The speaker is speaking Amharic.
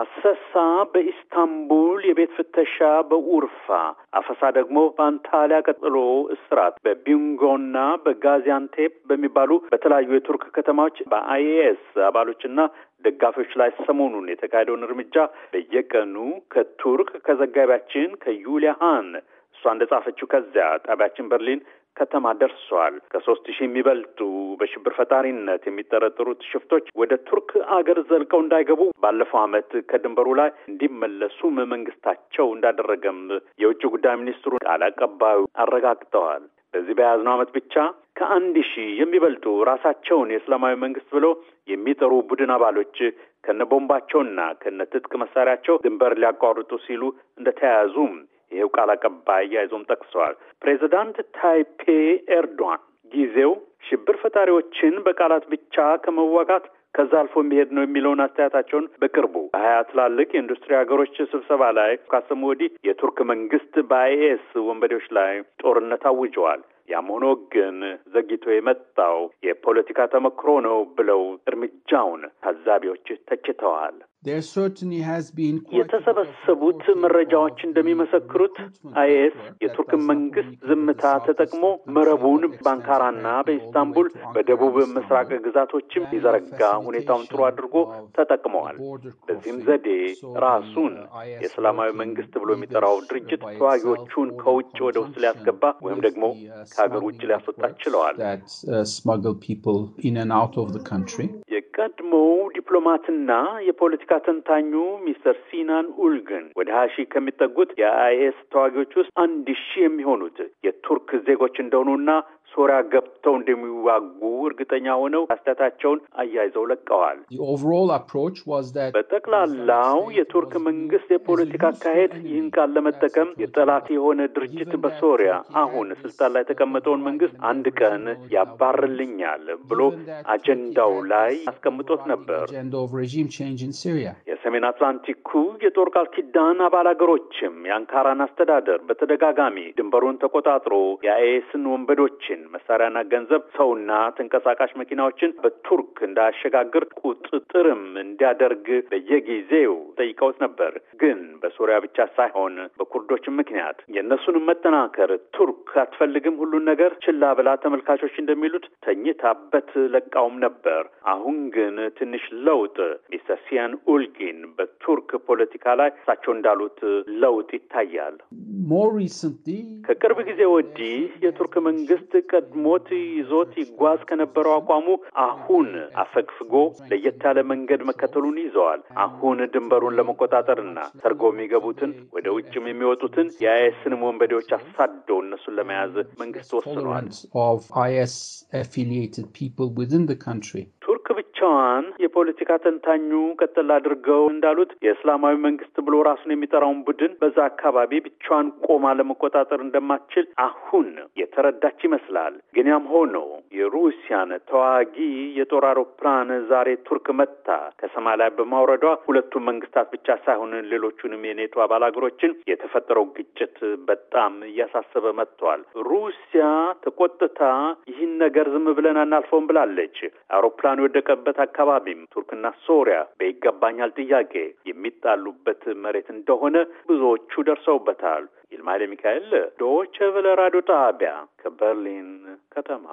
አሰሳ በኢስታንቡል የቤት ፍተሻ በኡርፋ አፈሳ ደግሞ በአንታሊያ ቀጥሎ እስራት በቢንጎና በጋዚያንቴፕ በሚባሉ በተለያዩ የቱርክ ከተማዎች በአይኤስ አባሎችና ደጋፊዎች ላይ ሰሞኑን የተካሄደውን እርምጃ በየቀኑ ከቱርክ ከዘጋቢያችን ከዩሊያ ሃን እሷ ጻፈችው ከዚያ ጣቢያችን በርሊን ከተማ ደርሷል። ከሶስት ሺህ የሚበልጡ በሽብር ፈጣሪነት የሚጠረጠሩት ሽፍቶች ወደ ቱርክ አገር ዘልቀው እንዳይገቡ ባለፈው ዓመት ከድንበሩ ላይ እንዲመለሱ መንግስታቸው እንዳደረገም የውጭ ጉዳይ ሚኒስትሩ ቃል አቀባዩ አረጋግጠዋል። በዚህ በያዝነው ዓመት ብቻ ከአንድ ሺህ የሚበልጡ ራሳቸውን የእስላማዊ መንግስት ብለው የሚጠሩ ቡድን አባሎች ከነ ቦምባቸውና ከነ ትጥቅ መሳሪያቸው ድንበር ሊያቋርጡ ሲሉ እንደተያያዙም ይኸው ቃል አቀባይ አያይዞም ጠቅሰዋል። ፕሬዚዳንት ታይፔ ኤርዶዋን ጊዜው ሽብር ፈጣሪዎችን በቃላት ብቻ ከመዋጋት ከዛ አልፎ የሚሄድ ነው የሚለውን አስተያየታቸውን በቅርቡ በሀያ ትላልቅ የኢንዱስትሪ ሀገሮች ስብሰባ ላይ ካሰሙ ወዲህ የቱርክ መንግስት በአይኤስ ወንበዴዎች ላይ ጦርነት አውጀዋል። ያም ሆኖ ግን ዘግይቶ የመጣው የፖለቲካ ተመክሮ ነው ብለው እርምጃውን ታዛቢዎች ተችተዋል። የተሰበሰቡት መረጃዎች እንደሚመሰክሩት አይኤስ የቱርክ መንግስት ዝምታ ተጠቅሞ መረቡን በአንካራና በኢስታንቡል በደቡብ ምስራቅ ግዛቶችም ሊዘረጋ ሁኔታውን ጥሩ አድርጎ ተጠቅመዋል። በዚህም ዘዴ ራሱን uh, የእስላማዊ መንግስት ብሎ የሚጠራው ድርጅት ተዋጊዎቹን ከውጭ ወደ ውስጥ ሊያስገባ ወይም ደግሞ uh, ከሀገር ውጭ ሊያስወጣ ችለዋል። uh, የቀድሞው ዲፕሎማትና የፖለቲካ ተንታኙ ሚስተር ሲናን ኡልግን ወደ ሀሺ ከሚጠጉት የአይኤስ ተዋጊዎች ውስጥ አንድ ሺህ የሚሆኑት የቱርክ ዜጎች እንደሆኑና ሶሪያ ገብተው እንደሚዋጉ እርግጠኛ ሆነው አስተታቸውን አያይዘው ለቀዋል። በጠቅላላው የቱርክ መንግስት የፖለቲካ አካሄድ ይህን ቃል ለመጠቀም የጠላት የሆነ ድርጅት በሶሪያ አሁን ስልጣን ላይ የተቀመጠውን መንግስት አንድ ቀን ያባርልኛል ብሎ አጀንዳው ላይ አስቀምጦት ነበር። የሰሜን አትላንቲኩ የጦር ቃል ኪዳን አባል ሀገሮችም የአንካራን አስተዳደር በተደጋጋሚ ድንበሩን ተቆጣጥሮ የአይኤስን ወንበዶችን ዩክሬን መሳሪያና ገንዘብ፣ ሰውና ተንቀሳቃሽ መኪናዎችን በቱርክ እንዳያሸጋግር ቁጥጥርም እንዲያደርግ በየጊዜው ጠይቀውት ነበር። ግን በሶሪያ ብቻ ሳይሆን በኩርዶችም ምክንያት የእነሱንም መጠናከር ቱርክ አትፈልግም። ሁሉን ነገር ችላ ብላ ተመልካቾች እንደሚሉት ተኝታበት ለቃውም ነበር። አሁን ግን ትንሽ ለውጥ ሚስተር ሲያን ኡልጊን በቱርክ ፖለቲካ ላይ እሳቸው እንዳሉት ለውጥ ይታያል። ከቅርብ ጊዜ ወዲህ የቱርክ መንግስት ሞት ይዞት ይጓዝ ከነበረው አቋሙ አሁን አፈግፍጎ ለየት ያለ መንገድ መከተሉን ይዘዋል። አሁን ድንበሩን ለመቆጣጠርና ሰርጎ የሚገቡትን ወደ ውጭም የሚወጡትን የአይኤስንም ወንበዴዎች አሳደው እነሱን ለመያዝ መንግስት ወስኗል። ብቻዋን የፖለቲካ ተንታኙ ቀጥል አድርገው እንዳሉት የእስላማዊ መንግስት ብሎ ራሱን የሚጠራውን ቡድን በዛ አካባቢ ብቻዋን ቆማ ለመቆጣጠር እንደማትችል አሁን የተረዳች ይመስላል። ግን ያም ሆኖ የሩሲያን ተዋጊ የጦር አውሮፕላን ዛሬ ቱርክ መታ ከሰማይ ላይ በማውረዷ ሁለቱም መንግስታት ብቻ ሳይሆን ሌሎቹንም የኔቶ አባል ሀገሮችን የተፈጠረው ግጭት በጣም እያሳሰበ መጥቷል። ሩሲያ ተቆጥታ ይህን ነገር ዝም ብለን አናልፈውም ብላለች። አውሮፕላን የወደቀበት በፍልሰት አካባቢም ቱርክና ሶሪያ በይገባኛል ጥያቄ የሚጣሉበት መሬት እንደሆነ ብዙዎቹ ደርሰውበታል። ይልማይል ሚካኤል ዶቼ ቬለ ራዲዮ ጣቢያ ከበርሊን ከተማ